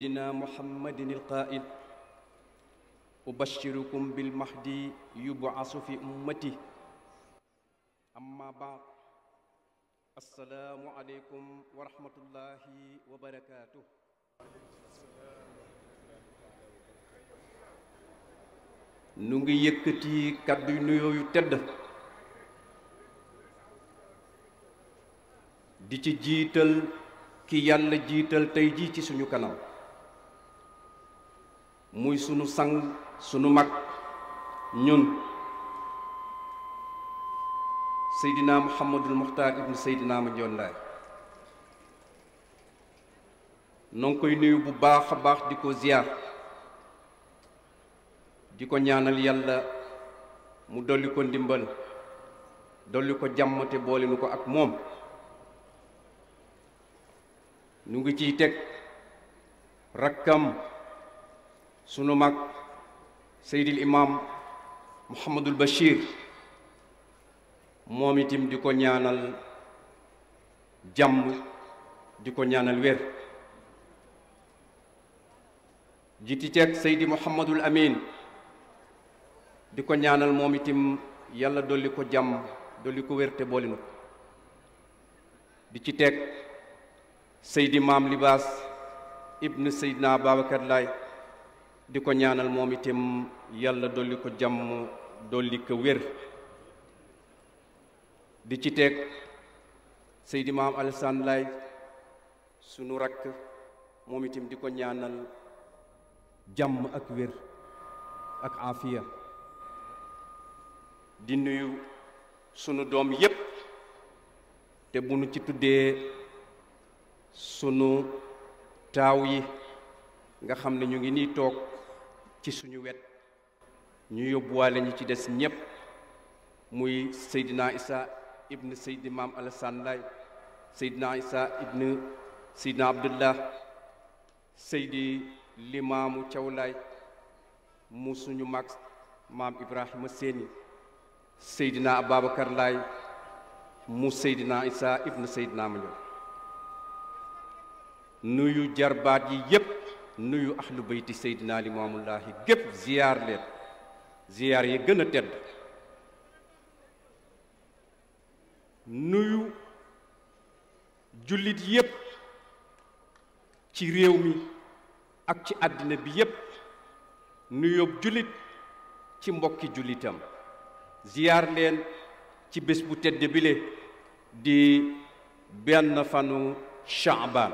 سيدنا محمد القائل أبشركم بالمهدي يبعث في أمتي أما بعد السلام عليكم ورحمة الله وبركاته nu ngi yëkkati kàddu yu nuyoo yu tedd di ci jiital ki yàlla jiital tey jii ci suñu kanam muy sunu sang sunu mag ñun seydina muhammadul muxtaar ibnu seydina ma njoon laay noo koy nuyu bu baax a baax di ko ziyaar di ko ñaanal yàlla mu dolli ko ndimbal dolli ko jàmm te boole ko ak moom nu ngi ciy teg rakkam sunu mag seydil imam Mouhamadul Bachir moom itam di ko ñaanal jàmm di ko ñaanal wér jiti ceeg seydi Mouhamadul Amin di ko ñaanal moom itam yàlla dolli ko jàmm dolli ko wér te boolinu di ci teg seydi maam libaas ibn seydina Babacar Laay di ko ñaanal moom itam yàlla dolli ko jàmm dolli ko wér di ci teg Seydi Maam Alassane Laye sunu rakk moom itim di ko ñaanal jàmm ak wér ak afiya di nuyu sunu doom yépp te bu nu ci tuddee sunu taaw yi nga xam ne ñu ngi nii toog ci suñu wet ñu yóbbuwaale ñu ci des ñépp muy Seydina Isa ibn Seydi Maam Alassane Laye Seydina Isa ibn Seydina Abdullah Seydi Limaamu Thiaw Laye mu suñu mag maam Ibrahima Séni Seydina Ababacar Laye mu Seydina Isa ibn Seydina Mandione nuyu jarbaat yi yépp nuyu ahlu bayti seydina limaamullaahi gépp ziyaar leen ziyaar yi gën a tedd nuyu jullit yépp ci réew mi ak ci àddina bi yépp nuyoob jullit ci mbokki jullitam ziyaar ci bés bu tedd bile di benn fanu Shaaban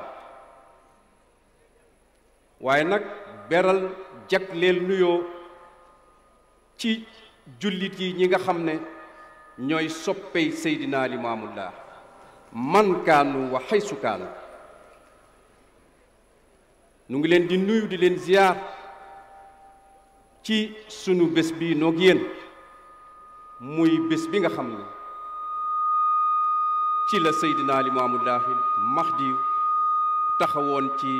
waaye nag beral jagleel nuyoo ci jullit yi ñi nga xam ne ñooy soppey seydina limaamullah man kaanu wa xaysu kaanu nu ngi leen di nuyu di leen ziyaar ci sunu bés bi noog yéen muy bés bi nga xam ni ci la seydina max di taxawoon ci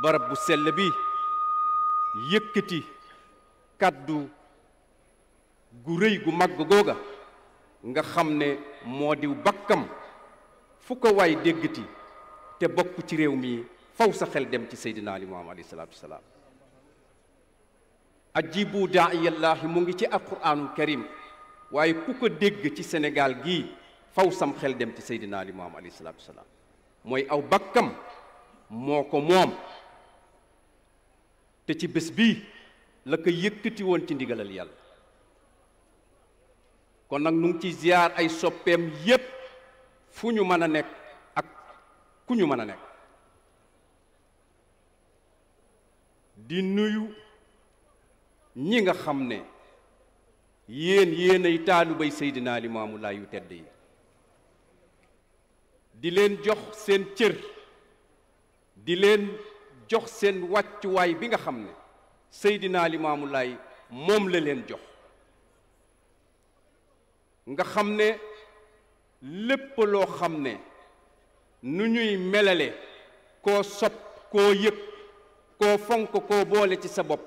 barab bu sell bi yëkkati kàddu gu rëy gu màgg googa nga xam ne moo diw bakkam fu ko waay déggati te bokk ci réew mi faw sa xel dem ci seydina ali muhammad alayhi salaatu wasalaam ajibu daayallaahi mu ngi ci alquraanul karim waaye ku ko dégg ci senegaal gii faw sam xel dem ci seydina ali muhammad alayhi salaatu wasalaam mooy aw bakkam moo ko moom te ci bés bi la ko yëkkati woon ci ndigalal yàlla kon nag nu ngi ci ziar ay soppeem yépp fu ñu mën a nekk ak ku ñu mën a nekk di nuyu ñi nga xam ne yéen yéen ay taalibay Seydina Limaamu Laay yu tedd yi di leen jox seen cër di leen jox seen wàccuwaay bi nga xam ne Seydina Limaamu Laay moom la leen jox nga xam ne lépp loo xam ne nu ñuy melale koo sopp koo yëg koo fonk koo boole ci sa bopp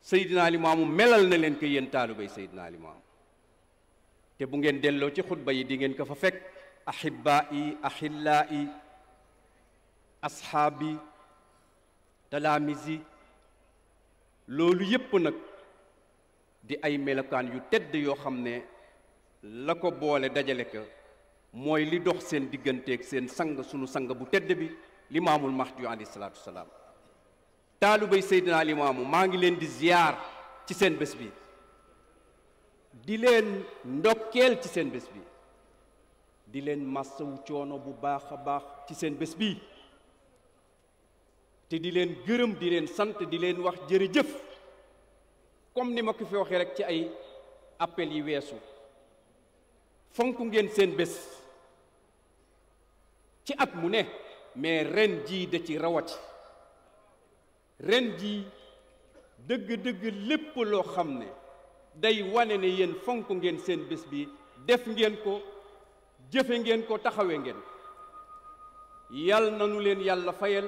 Seydina Limaamu melal na leen ko yéen taalibey Seydina Limaamu te bu ngeen delloo ci xutba yi di ngeen fa fekk ahibaa yi ahillaa yi asxaabi talaamisi loolu yépp nag di ay melokaan yu tëdd yoo xam ne la ko boole dajale ko mooy li dox seen digganteeg seen sang sunu sang bu tëdd bi limaamul mahdi alayhi salaatu wasalaam taalibay seydinaa limaamu maa ngi leen di ziyaar ci seen bés bi di leen ndokkeel ci seen bés bi di leen massawu coono bu baax a baax ci seen bés bi te di leen gërëm di leen sant di leen wax jërëjëf comme ni ma ko fi waxee rek ci ay appel yi weesu fonk ngeen seen bés ci at mu ne mais ren jii da ci rawati ren jii dëgg-dëgg lépp loo xam ne day wane ne yéen fonk ngeen seen bés bi def ngeen ko jëfe ngeen ko taxawe ngeen yal nanu leen yàlla fayal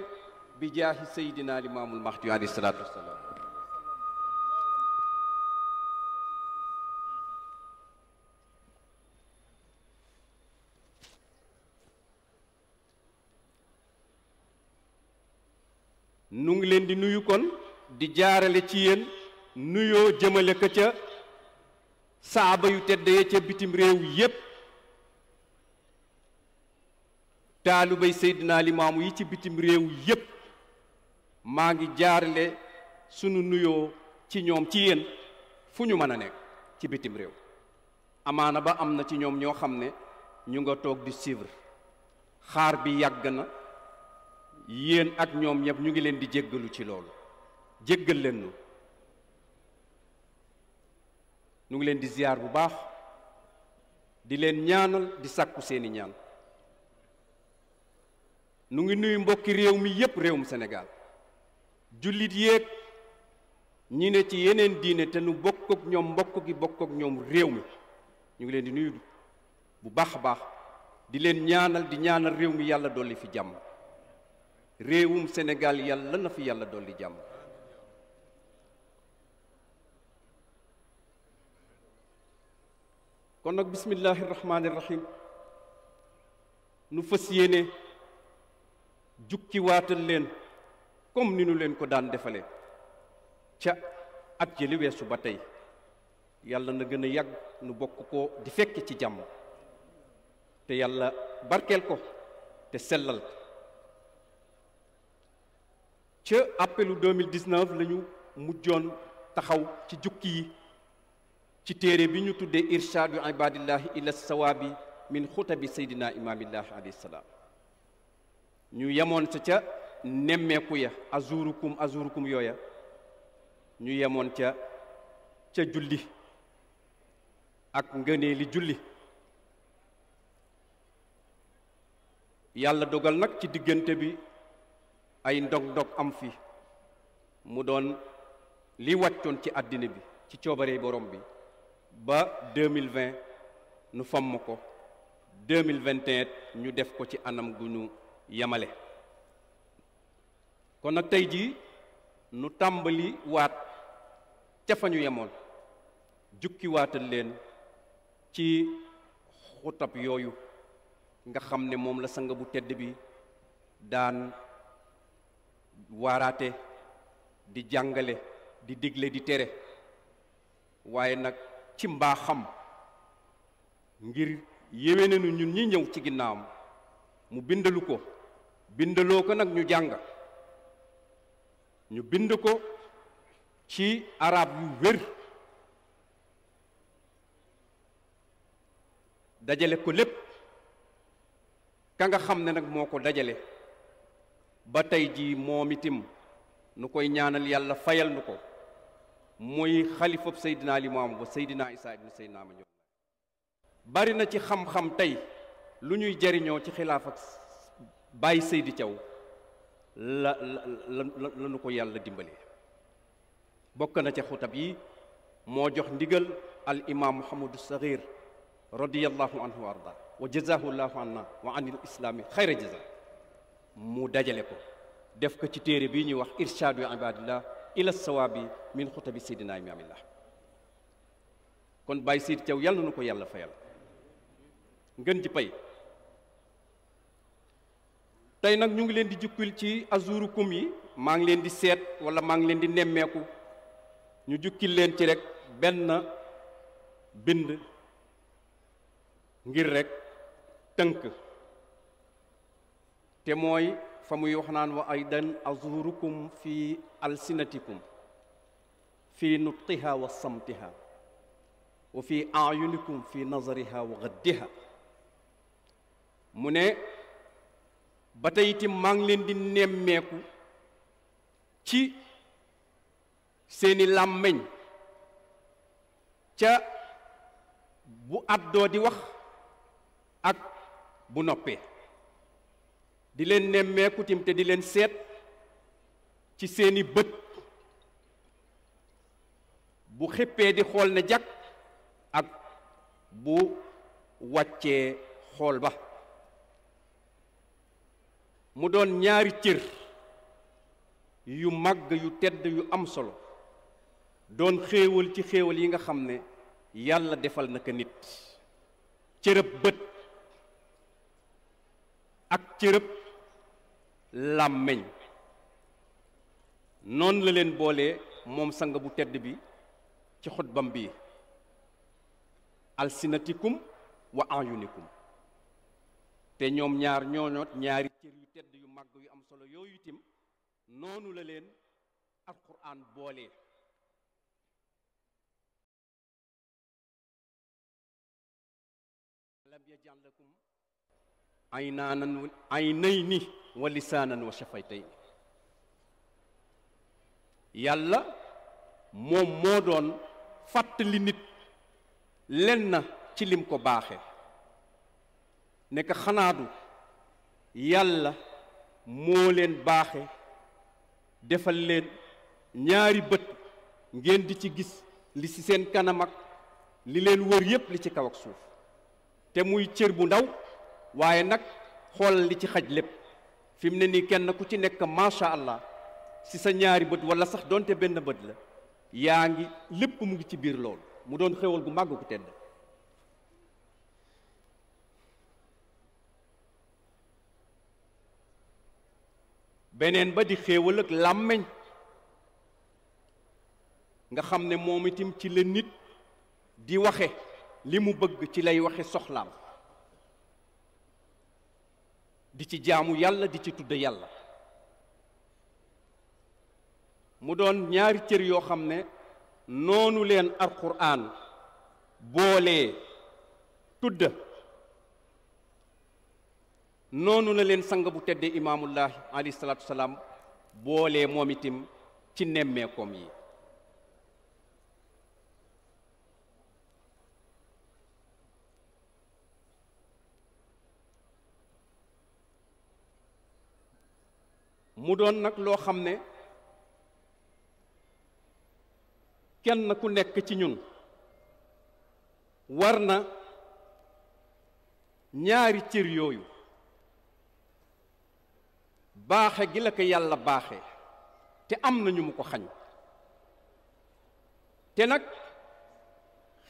bi jaahi Seydina Limaamul Mahdi alayhi salaatu wasalaam nu ngi leen di nuyu kon di jaarale ci yéen nuyoo jëmale ko ca saaba yu tedd ya ca bitim réew yépp taalibay Seydina Limaamu yi ci bitim réew yépp maa ngi jaarale sunu nuyoo ci ñoom ci yéen fu ñu mën a nekk ci bitim réew amaana ba am na ci ñoom ñoo xam ne ñu nga toog di suivre xaar bi yàgg na yéen ak ñoom ñëpp ñu ngi leen di jéggalu ci loolu jéggal leen nu ñu ngi leen di ziyaar bu baax di leen ñaanal di sàkku seeni ñaan nu ngi nuyu mbokki réew mi yépp réewum senegaal jullit yéeg ñi ne ci yeneen diine te nu bokk ak ñoom mbokk gi bokk ak ñoom réew mi ñu ngi leen di nuyu bu baax a baax di leen ñaanal di ñaanal réew mi yàlla dolli fi jàmm réewum senegaal yàlla na fi yàlla dolli jàmm kon nag bismillahi rahmaani rahim nu fas yéene jukki waatal leen comme ni nu leen ko daan defale ca at jëli weesu ba tey yàlla na gën a yàgg nu bokk ko di fekk ci jàmm te yàlla barkeel ko te sellal ca appelu 2019 la ñu mujjoon taxaw ci jukki yi ci téere bi ñu tuddee irshadu ibadillahi ila sawaabi min xutabi seydina imaamillahi alayhi ñu yemoon sa ca nemmeeku ya azurukum azurukum yooya ñu yemoon ca ca julli ak ngënee li julli yàlla dogal nag ci diggante bi ay ndog-ndog am fi mu doon li wàccoon ci àddina bi ci coobaree borom bi ba 2020 nu fomm ko 2021 ñu def ko ci anam gu ñu yemale kon nag tey jii nu tàmbali waat ca fa ñu yemoon jukki waatal leen ci xutab yooyu nga xam ne moom la sang bu tedd bi daan waraate di jàngale di digle di tere waaye nag ci mbaaxam ngir yéwénenu ñun ñi ñëw ci ginnaawam mu bindalu ko bindaloo ko nag ñu jàng ñu bind ko ci arab yu wér dajale ko lépp ka nga xam ne nag moo ko dajale ba tey jii moom itim nu koy ñaanal yàlla fayal nu ko muy xalifab Seydina Limaamu ba seydinaa Isaa ibnu Seydina ma ñëw bari na ci xam-xam tey lu ñuy jariñoo ci xilaaf bàyyi Baay Seydi Thiaw la la lanu ko yàlla dimbale bokk na ca xutab yi moo jox ndigal al imam muhammadu saxiir radiallahu anhu wa arda wa jazahu llahu anna wa anil islami xayra jaza mu dajale ko def ko ci téere bii ñuy wax irshaadu ibadillah ila sawaabi min xutabi seydina imaamillah kon bàyyi siid caw yàlla na ko yàlla fayal ngën ji pay tey nag ñu ngi leen di jukkil ci azurukum yi maa ngi leen di seet wala maa ngi leen di nemmeeku ñu jukkil leen ci rek benn bind ngir rekk tënk te mooy fa muy wax naan ay aydan azurukum fi alsinatikum fi nutqiha wa samtiha wa fi ayunikum fi nazariha wa gaddiha mu ne ba tey itam maa ngi leen di nemmeeku ci seeni làmmiñ ca bu àddoo di wax ak bu noppee di leen nemmeeku tim te di leen seet ci seeni bët bu xippee di xool na jàkk ak bu wàccee xool ba mu doon ñaari cër yu màgg yu tedd yu am solo doon xéewal ci xéewal yi nga xam ne yàlla defal na ko nit cërëb bët ak cërëb làmmeñ noon la leen boole moom sang bu tedd bi ci xutbam bii alsinatikum wa ayunikum te ñoom ñaar ñooñoot ñaari cër màgg yu am solo yooyu itam noonu la leen alquran boole. lam yaj'al lakum aynaanan aynayni wa lisaanan wa shafaytayni yàlla moom moo doon fàttali nit len na ci lim ko baaxe nekk xanaadu yàlla moo leen baaxe defal leen ñaari bët ngeen di ci gis li ci seen kanamak ak li leen wër yépp li ci kaw ak suuf te muy cër bu ndaw waaye nag xoolal li ci xaj lépp fi mu ne nii kenn ku ci nekk macha allah ci sa ñaari bët wala sax doonte benn bët la yaa ngi lépp mu ngi ci biir loolu mu doon xéwal gu màgg gu tedd beneen ba di xéewal ak làmmiñ nga xam ne moom itam ci la nit di waxe li mu bëgg ci lay waxe soxlaam di ci jaamu yàlla di ci tudd yàlla mu doon ñaari cër yoo xam ne noonu leen alquran boolee tudd noonu la leen sang bu teddee imaamullahi alayhi salaatu salaam boolee moom itim ci nemmeekoom yi mu doon nag loo xam ne kenn ku nekk ci ñun war na ñaari cër yooyu baaxe gi la ko yàlla baaxe te am na ñu mu ko xañ te nag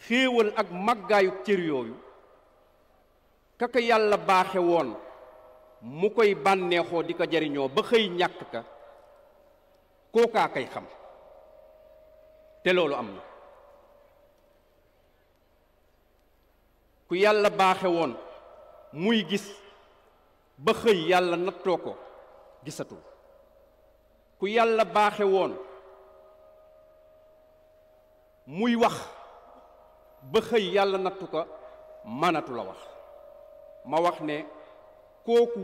xéewal ak màggaayu cër yooyu ka ko yàlla baaxe woon mu koy bànneexoo di ko jariñoo ba xëy ñàkk ka kookaa kay xam te loolu am na ku yàlla baaxe woon muy gis ba xëy yàlla nattoo ko gisatul ku yàlla baaxe woon muy wax ba xëy yàlla nattu ko mënatu wax ma wax ne kooku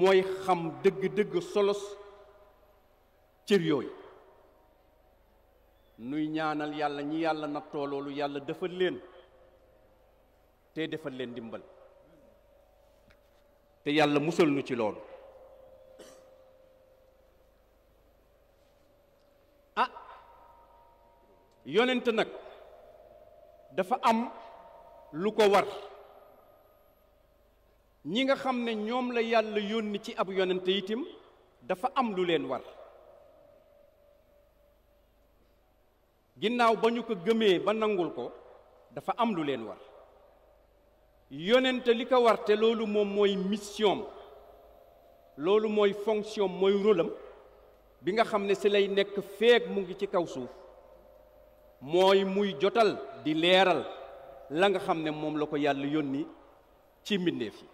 mooy xam dëgg-dëgg solos cër yooyu nuy ñaanal yàlla ñi yàlla nattoo loolu yàlla defal leen te defal leen dimbal te yàlla musal nu ci loolu yonent nag dafa am lu ko war ñi nga xam ne ñoom la yàlla yónni ci ab yonent itim dafa am lu leen war ginnaaw ba ñu ko gëmee ba nangul ko dafa am lu leen war yonent li ko war te loolu moom mooy mission loolu mooy fonction mooy rôlam bi nga xam ne si lay nekk feek mu ngi ci kaw suuf mooy muy jotal di leeral la nga xam ne moom la ko yàlla yónni ci mbindeef yi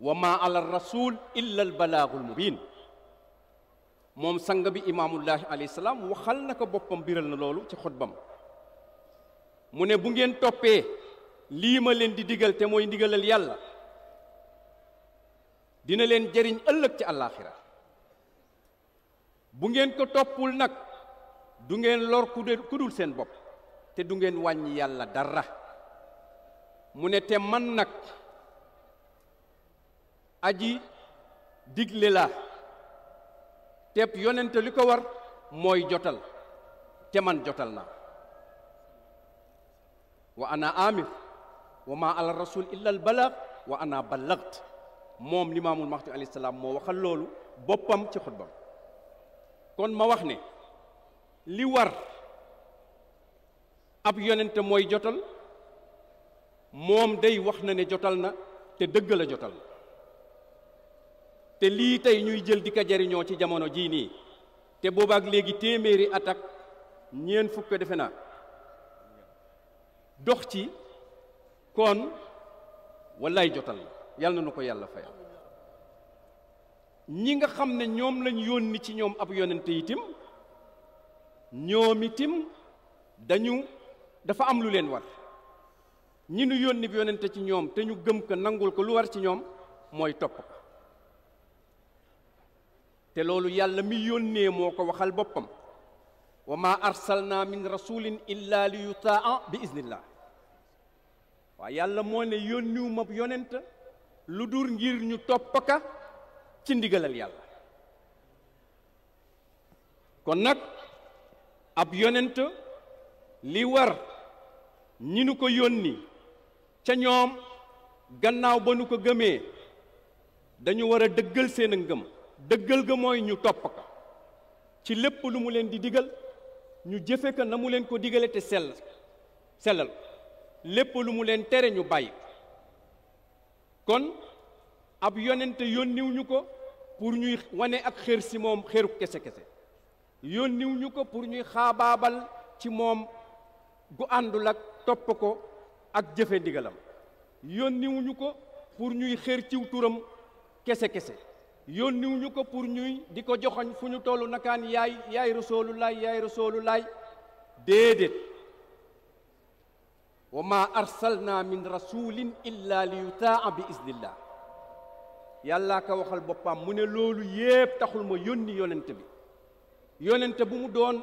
wa ma ala rasul illa al balaagul mubin moom sang bi imaamullahi alayhi salaam waxal na ko boppam biral na loolu ci xotbam mu ne bu ngeen toppee lii leen di digal te mooy ndigalal yàlla dina leen jëriñ ëllëg ci àllaaxira bu ngeen ko toppul nag du ngeen lor ku seen bopp te du ngeen wàññi yàlla dara mu ne te man nag aji digle laa te yonente li ko war mooy jotal te man jotal naa wa ana amir wa ma ala rasul illa al balagh wa ana ballagt moom limaamul mahdi alayhi salaam moo waxal loolu boppam ci xutbam kon ma wax ne li war ab yonent mooy jotal moom day wax na ne jotal na te dëgg la jotal te lii tey ñuy jël di ko jariñoo ci jamono jii nii te boobaak léegi téeméeri at ak ñeent fukk defe naa dox ci kon wallaay jotal yàlla na nu ko yàlla fayal ñi nga xam ne ñoom lañ yónni ci ñoom ab yonente itim ñoom itim dañu dafa am lu leen war ñi nu yónni bi yonente ci ñoom te ñu gëm ko nangul ko lu war ci ñoom mooy topp ko te loolu yàlla mi yónnee moo ko waxal boppam wa ma arsalna min rasulin illa li yutaa bi iznillah waaw yàlla moo ne yónniwu ma yonent lu dur ngir ñu topp ka ci ndigalal yàlla kon nag ab yonent li war ñi nu ko yónni ca ñoom gannaaw ba nu ko gëmee dañu war a dëggal seen ngëm dëggal ga mooy ñu topp ko ci lépp lu leen di digal ñu jëfe ko na mu leen ko digale te sell sellal lépp lu mu leen tere ñu bàyyi kon ab yonent yónniwuñu ko pour ñuy wane ak xéer si moom xéeru kese-kese yónniw ñu ko pour ñuy xaabaabal ci moom gu àndul ak topp ko ak jëfe ndigalam yónniw ñu ko pour ñuy xéer ciw turam kese-kese yónniw ñu ko pour ñuy di ko joxoñ fu ñu tollu nakaan yaay yaay rasulullaay yaay rasulullaay déedéet wa ma arsalna min rasulin illa li yutaa bi iznillah yàllaa ko waxal boppam mu ne loolu yépp taxul ma yónni yonent bi yonent bu mu doon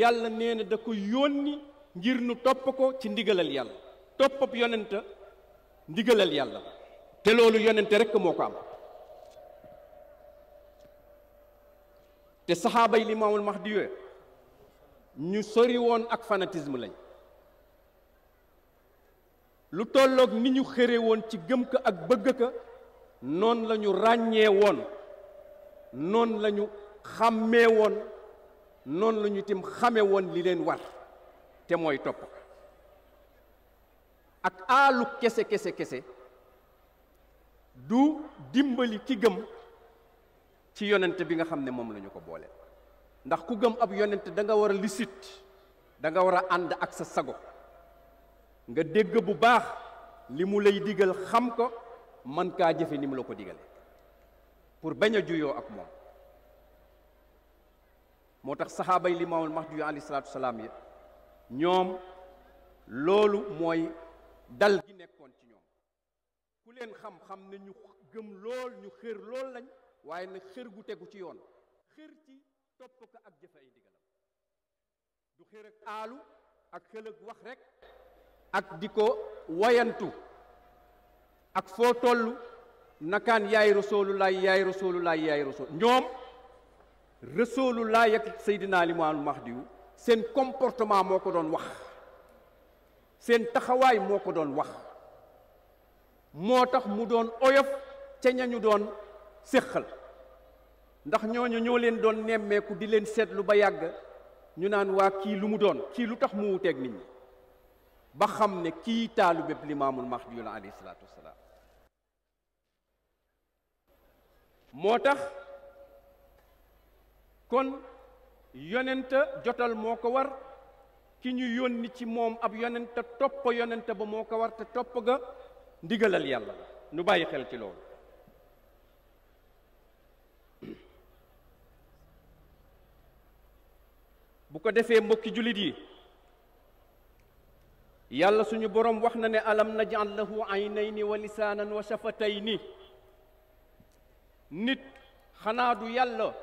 yàlla nee na da ko yónni ngir nu topp ko ci ndigalal yàlla toppab yonent ndigalal yàlla te loolu yonent rekk moo ko am te saxaaba yi max di yooyu ñu sori woon ak fanatisme lañ lu tolloog ni ñu xëre woon ci gëm ko ak bëgg ko noonu lañu ñu ràññee woon noonu la xàmmee woon noonu lañu ñu tim xame woon li leen war te mooy topp ak aalu kese kese kese du dimbali ki gëm ci yonent bi nga xam ne moom lañu ko booleel ndax ku gëm ab yonent danga war a lisit danga war a ànd ak sa sago nga dégg bu baax li mu lay digal xam ko man kaa jëfe ni mu la ko digal pour bañ a juyoo ak moom moo tax saxaabay yi max mahdi alayhi salaatu salaam ya ñoom loolu mooy dal gi nekkoon ci ñoom ku leen xam-xam ne ñu gëm lool ñu xër lool lañ waaye nag xër gu tegu ci yoon xër ci topp ko ak jëfe ay ndigalam du xër ak aalu ak xël ak wax rekk ak di ko woyantu ak foo toll nakaan yaay rasulullaay yaay rasulullaay yaay rasul ñoom rasulullaay ak Seydina Limaamul Mahdi seen comportement moo ko doon wax seen taxawaay moo ko doon wax moo tax mu doon oyof ca ñañu doon séqal ndax ñooñu ñoo leen doon nemmeeku di leen seetlu ba yàgg ñu naan waa kii lu mu doon kii lu tax mu wuteeg nit ba xam ne kii taalu bépp limaamul mahdi la alayhi salaatu wasalaam moo tax kon yonenta jotal moo ko war ki ñu yónni ci moom ab yonenta topp yonenta ba moo ko war te topp ga ndigalal yàlla la nu bàyyi xel ci loolu bu ko defee mbokki jullit yi yàlla suñu borom wax na ne alam na najal lahu aynayni wa lisaanan wa nii nit xanaa du yàlla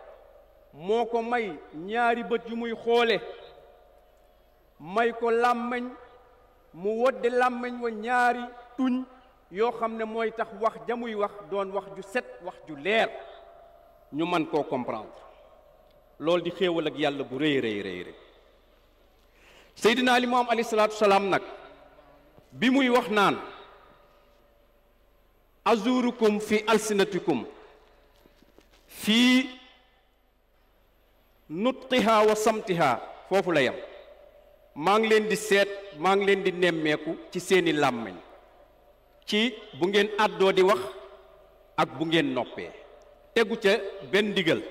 moo ko may ñaari bët yu muy xoole may ko làmmeñ mu wodde làmmiñ wa ñaari tuñ yoo xam ne mooy tax wax jamuy wax doon wax ju set wax ju leer ñu mën koo comprendre loolu di xéewal ak yàlla bu rëy rëy rëy Seydina Limaamu alayhi salaatu salaam nag bi muy wax naan azurukum fi alsinatikum fii nutqiha wa foofu la yam maa ngi leen di seet maa ngi leen di nemmeeku ci seeni làmmiñ ci bu ngeen àddoo di wax ak bu ngeen noppee tegu ca benn digal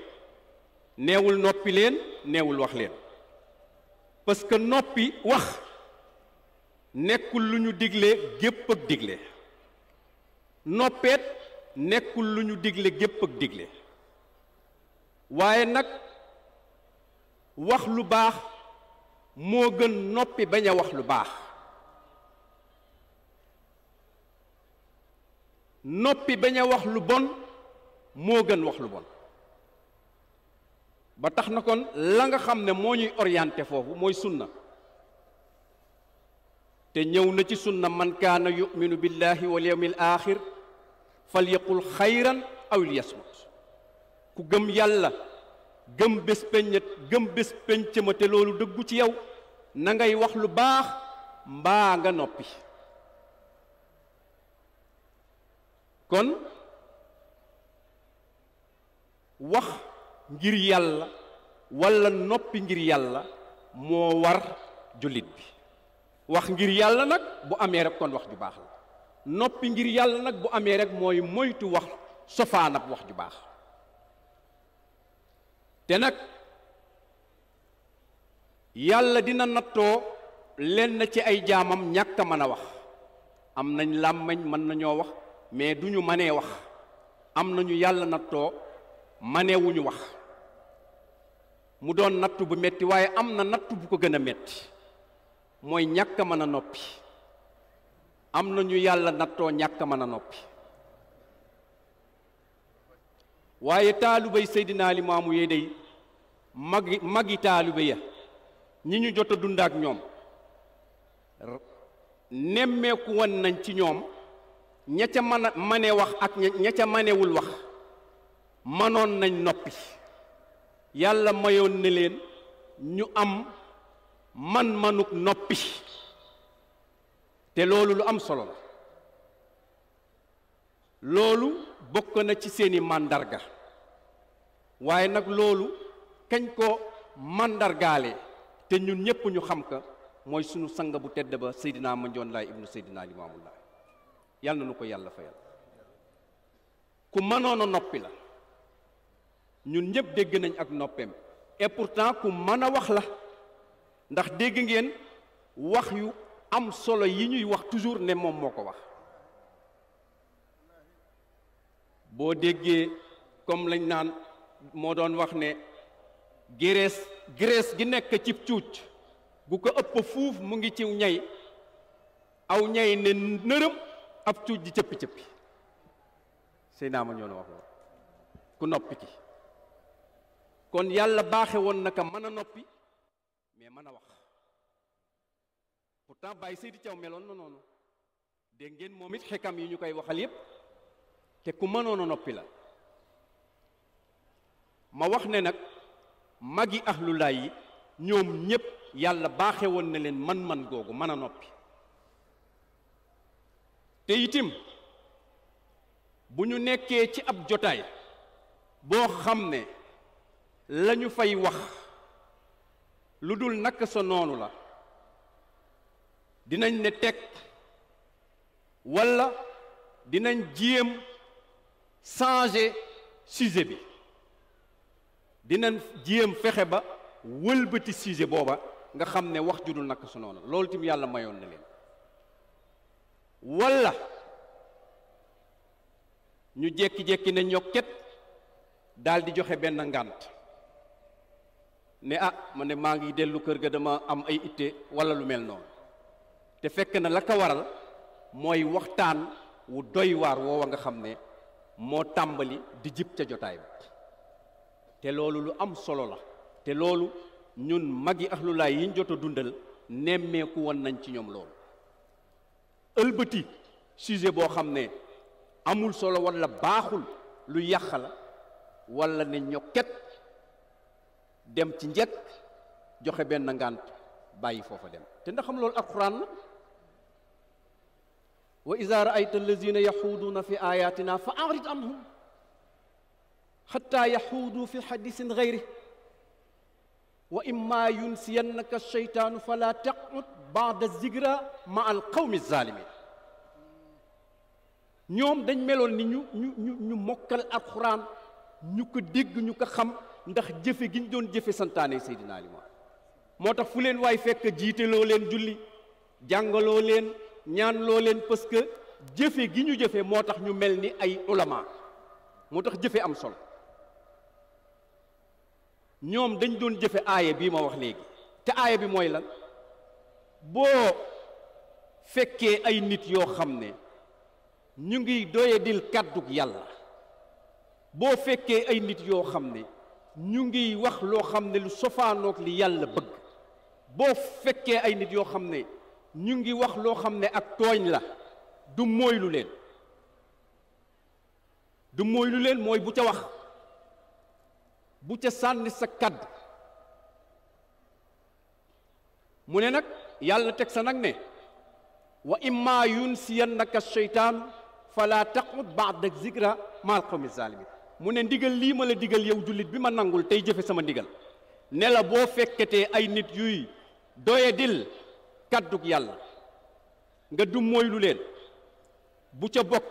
neewul noppi leen neewul wax leen parce que noppi wax nekkul lu ñu digle gépp ak digle noppeet nekkul lu ñu digle gépp ak digle waaye nag wax lu baax moo gën noppi bañ a wax lu baax noppi bañ a wax lu bon moo gën wax lu bon ba tax na kon la nga xam ne moo ñuy orienté foofu mooy sunna te ñëw na ci sunna man kaana yuminu billahi wal yawmil axir fal yaqul xayran aw liyasmut ku gëm yàlla gëm bés peññat gëm bés peñca te loolu dëggu ci yow na ngay wax lu baax mbaa nga noppi kon wax ngir yàlla walla noppi ngir yàlla moo war jullit bi wax ngir yàlla nag bu amee rek kon wax ju baax la noppi ngir yàlla nag bu amee rek mooy moytu wax sofaanab wax ju baax te nag yàlla dina nattoo lenn ci ay jaamam ñàkk a mën a wax am nañ làmmañ mën nañoo wax mais du ñu mënee wax am nañu yàlla nattoo maneewuñu wax mu doon nattu bu metti waaye am na natt bu ko gën a metti mooy ñàkk a mën a noppi am na ñu yàlla nattoo ñàkk a mën a noppi waaye taalubay Seydina Limaamu yee day magi magi taalibe ya ñi ñu jot a dund ak ñoom nemmeeku woon nañ ci ñoom ña ca mën a mane wax ak ña ca manewul wax mënoon nañ noppi yàlla mayoon na leen ñu am man-manuk noppi te loolu lu am solo la loolu bokk na ci seeni màndarga waaye nag loolu kañ ko màndargaale te ñun ñépp ñu xam ka mooy sunu sang bu tedd ba Seydina Mandione Laye ibnu Seydina Limaamu Laay yàlla na nu ko yàlla fayal ku mënoon noppi la ñun ñëpp dégg nañ ak noppeem et pourtant ku mën a wax la ndax dégg ngeen wax yu am solo yi ñuy wax toujours ne moom moo ko wax boo déggee comme lañ naan moo doon wax ne gérées gérées gi nekk ci cuuj gu ko ëpp fuuf mu ngi ciw ñay aw ñay ne nërëm ab cuuc di cëpp cëppi sëy naa ma ñoonu wax ku noppi ki kon yàlla baaxe woon naka mën a noppi mais mën a wax pourtant Baye Seydi caw meloon na noonu dégg ngeen moom it xekam yi ñu koy waxal yépp te ku mënoon a noppi la ma wax ne nag magi ahlulaay yi ñoom ñépp yàlla baaxe woon na leen man-man googu mën a noppi te itim bu ñu nekkee ci ab jotaay boo xam ne la ñu fay wax lu dul naka sa noonu la dinañ ne teg walla dinañ jéem changer sise bi dinañ jéem fexe ba wëlbati sujet booba nga xam ne wax ju dul naka sa noonu loolu tamit yàlla mayoon na leen walla ñu jékki-jékki ne ñokket daldi joxe benn ngànt ne ah man ne maa ngi dellu kër ga dama am ay itte walla lu mel noonu te fekk na la ko waral mooy waxtaan wu doy waar woowa nga xam ne moo tàmbali di jib ca jotaay bi te loolu lu am solo la te loolu ñun magi ahlulaay yiñ jot a dundal nemmeeku won nañ ci ñoom loolu ëlbati sujet boo xam ne amul solo walla baaxul lu yàq la walla ne ñokket dem ci njëkk joxe benn ngànt bàyyi foofa dem te ndaxam xam loolu alxuraan la wa iza raayta allazina yaxuuduuna fi ayatina fa arid anhum xatta yaxuudu fi xadisin gayri wa imma yunsiyannaka alcheytaanu fala taqud baada zigra ma alqawmi alzalimin ñoom dañ meloon ni ñu ñu ñu ñu mokkal alxuraan ñu ko dégg ñu ko xam ndax jëfe gi ñu doon jëfe santaane Seydina Limaamu moo tax fu leen waay fekk jiiteloo leen julli jàngaloo leen ñaanloo leen parce que jëfe gi ñu jëfe moo tax ñu mel ni ay ulama moo tax jëfe am solo ñoom dañ doon jëfe aaya bii ma wax léegi te aaya bi mooy lan boo fekkee ay nit yoo xam ne ñu ngi doyadil kàddug yàlla boo fekkee ay nit yoo xam ne ñu ngi wax loo xam ne lu sofaanook li yàlla bëgg boo fekkee ay nit yoo xam ne ñu ngi wax loo xam ne ak tooñ la du mooylu leen du mooylu leen mooy bu ca wax bu ca sànni sa kàdd mu ne nag yàlla teg sa nag ne wa imma yunsiyannaka sheytaan fala taqud ba'da zikra ma'al qawmi zalimin mu ne ndigal lii ma la digal yow jullit bi ma nangul tey jëfe sama ndigal ne la boo fekketee ay nit yuy doye dil kàddug yàlla nga dum lu leen bu ca bokk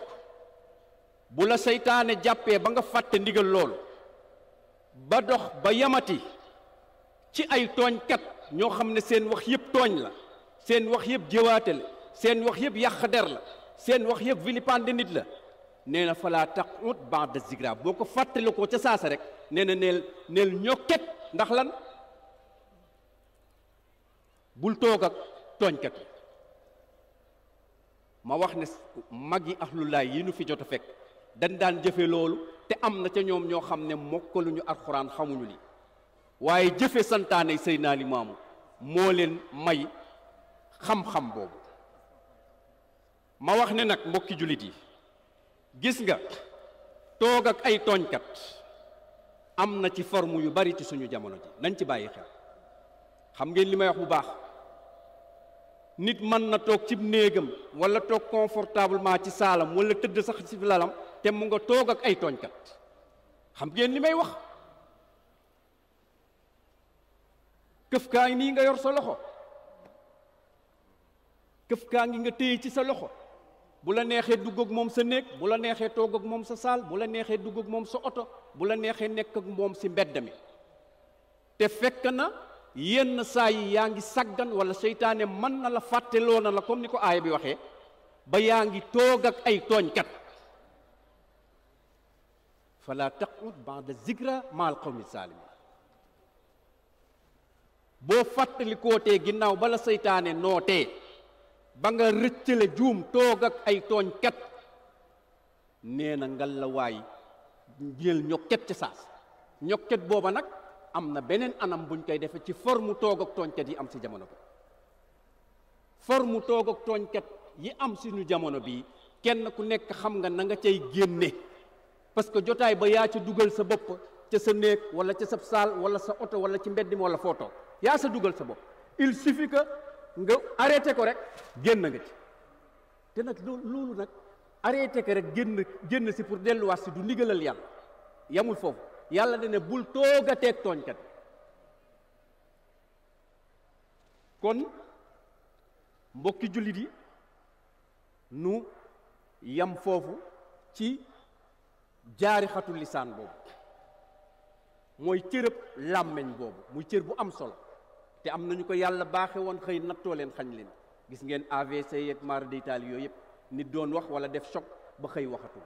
bu la seytaane jàppee ba nga fàtte ndigal loolu ba dox ba yamati ci ay tooñkat ñoo xam ne seen wax yëpp tooñ la seen wax yëpp jëwaate seen wax yëpp yàq der la seen wax yëpp vilipande nit la nee na falaa taqut ba'da zikra boo ko fàttali ko ca saasa rek nee na neel neel ñokket ndax lan bul toog ak tooñkat yi ma wax ne mag yi ahlullaay yi nu fi jot a fekk dañ daan jëfe loolu te am na ca ñoom ñoo xam ne mokkaluñu alxuraan xamuñu li waaye jëfe santaane sëy naa Seydina Limaamu moo leen may xam-xam boobu ma wax ne nag mbokki jullit yi gis nga toog ak ay tooñkat am na ci form yu bari ci suñu jamono ji nañ ci bàyyi xel xam ngeen li may wax bu baax nit mën na toog cib néegam wala toog confortablement ci saalam wala tëdd sax ci lalam te mu nga toog ak ay tooñkat xam ngeen li may wax këf kaa ngi nii nga yor sa loxo këf kaa ngi nga téye ci sa loxo bu la neexee dugg ak moom sa néeg bu la neexee toog ak moom sa saal bu la neexee dugg ak moom sa oto bu la neexee nekk ak moom si mbedd mi te fekk na yenn saa yi yaa ngi saggan wala seytaane mën na la fàtteloo na la comme ni ko aaya bi waxee ba yaa ngi toog ak ay tooñkat fala taqud ba'da zikra ma'al qawmi salimin boo fàttalikoo tee ginnaaw bala seytaane nootee ba nga rëccale juum toog ak ay tooñkat nee na ngal la waay jël ñokket ca saas ñokket booba nag am na beneen anam buñ koy defee ci forme toog ak tooñkat yi am si jamono bi forme toog ak tooñkat yi am suñu jamono bi kenn ku nekk xam nga na nga cay génne parce que jotaay ba yaa ci dugal sa bopp ca sa néeg wala ca sa saal wala sa oto wala ci mbedd mi wala footoo yaa sa dugal sa bopp il suffit nga arrêté ko rek génn nga ci te nag loolu nag arrêté ko rek génn si pour delluwaat si du ndigalal yan yamul foofu yàlla dana bul toogateeg tooñkat kon mbokki jullit yi nu yam foofu ci jaari xatu lisaan boobu mooy cërëb làmmeñ boobu muy cër bu am solo te am na ñu ko yàlla baaxe woon xëy nattoo leen xañ leen gis ngeen AVC yeeg mara d'Italie yooyu yëpp nit doon wax wala def choc ba xëy waxatul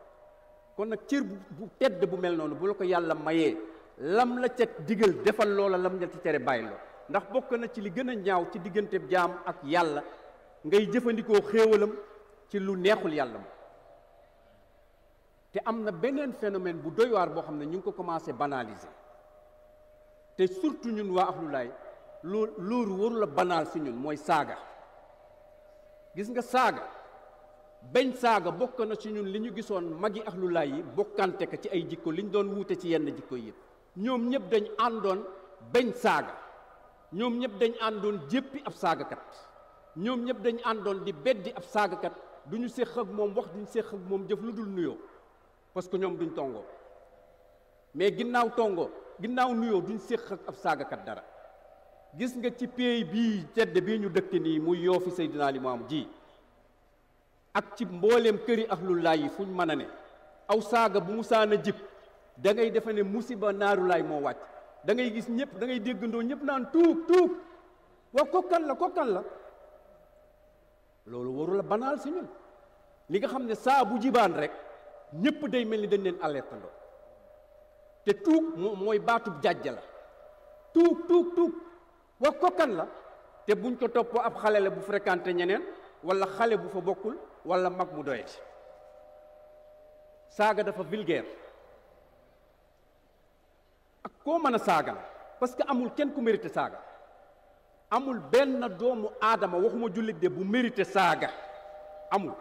kon nag cër bu tedd bu mel noonu bu la ko yàlla mayee lam la ca digal defal loola lam la ci tere bàyyi loo ndax bokk na ci li gën a ñaaw ci diggante jaam ak yàlla ngay jëfandikoo xéewalam ci lu neexul yàlla ma te am na beneen phénomène bu doy waar boo xam ne ñu ngi ko commencé banaliser te surtout ñun waa axlulaay loolu loolu waru la banaal si mooy saaga gis nga saaga bañ saaga bokk na ci ñun li ñu gisoon mag magi axlulaay yi bokkante ka ci ay jikko li ñu doon wuute ci yenn jikko yëpp ñoom ñëpp dañ àndoon bañ saaga ñoom ñëpp dañ àndoon jéppi ab saagakat ñoom ñëpp dañ àndoon di beddi ab saagakat du ñu séq ak moom wax du ñu séq moom jëf lu dul nuyoo parce que ñoom duñ tongoo mais ginnaaw tongoo ginnaaw nuyoo duñ séq ak ab saagakat dara gis nga ci péey bii tedd bii ñu dëkk nii muy yoofi mu am ji ak ci mbooleem këri ahlullaay yi fuñ mën a ne aw saaga bu musaan a jib dangay ngay defe ne musiba naarulaay moo wàcc dangay gis ñëpp dangay ngay déggandoo ñëpp naan tuub tuub waaw kokkan la kokkan la loolu waru la banaal si ñun li nga xam ne saa bu jibaan rek ñépp day mel ni dañ leen alertandoo te tuub mooy baatu jàjj la tuub tuub tuub wax ko la te buñ ko toppoo ab xale la bu fréquenté ñeneen wala xale bu fa bokkul wala mag mu doyati saaga dafa vulgaire ak koo mën a saaga parce que amul kenn ku mérité saaga amul benn doomu aadama waxuma jullit de bu mérité saaga amul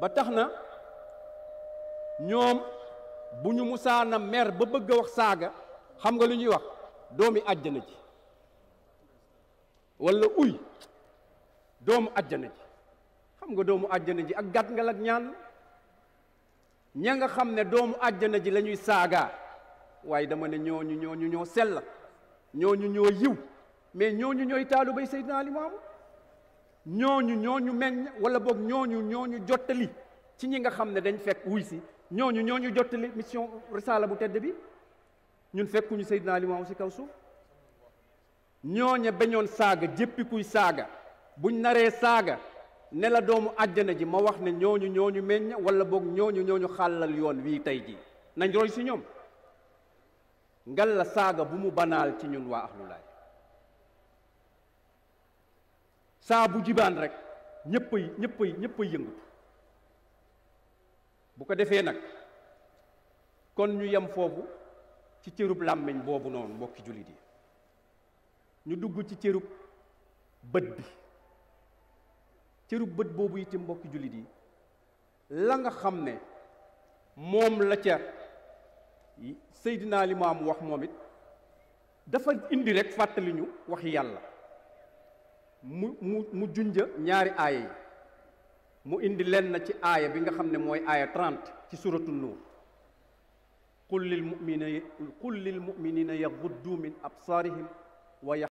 ba tax na ñoom bu ñu musaana mer ba bëgg a wax saaga xam nga lu ñuy wax doomi àjjana ji walla uy doomu àjjana ji xam nga doomu àjjana ji ak gàtt nga la ñaan ña nga xam ne doomu àjjana ji lañuy saagaa waaye dama ne ñooñu ñooñu ñoo sell ñooñu ñoo yiw mais ñooñu ñooy taalu bay Seydina Limaamu ñooñu ñooñu meññ walla boog ñooñu ñooñu jottali ci ñi nga xam ne dañ fekk wuy si ñooñu ñooñu jottali mission risaala bu tedd bi ñun fekkuñu Seydina Limaamu si kaw suuf ñooña bañoon saaga jéppi kuy saaga buñ naree saaga ne la doomu àjjana ji ma wax ne ñooñu ñooñu meññ wala boog ñooñu ñooñu xàllal yoon wii tey ji nañ roy ci ñoom ngal la saaga bu mu banaal ci ñun waa ahlulaay saa bu jibaan rekk ñëpp ay ñëpp ay ñëpp bu ko defee nag kon ñu yem foofu ci cërub làmmiñ boobu noonu mbokki jullit yi ñu dugg ci cërub bët bi cërub bët boobu itam mbokki jullit yi la nga xam ne moom la ca Seydina Limaam wax moom it dafa indi rek fàttali ñu wax yàlla mu mu mu junja ñaari aaya yi mu indi lenn ci aaya bi nga xam ne mooy aaya 30 ci suratu nuur qul lil muminina qul lil muminina yaghuddu min absarihim wa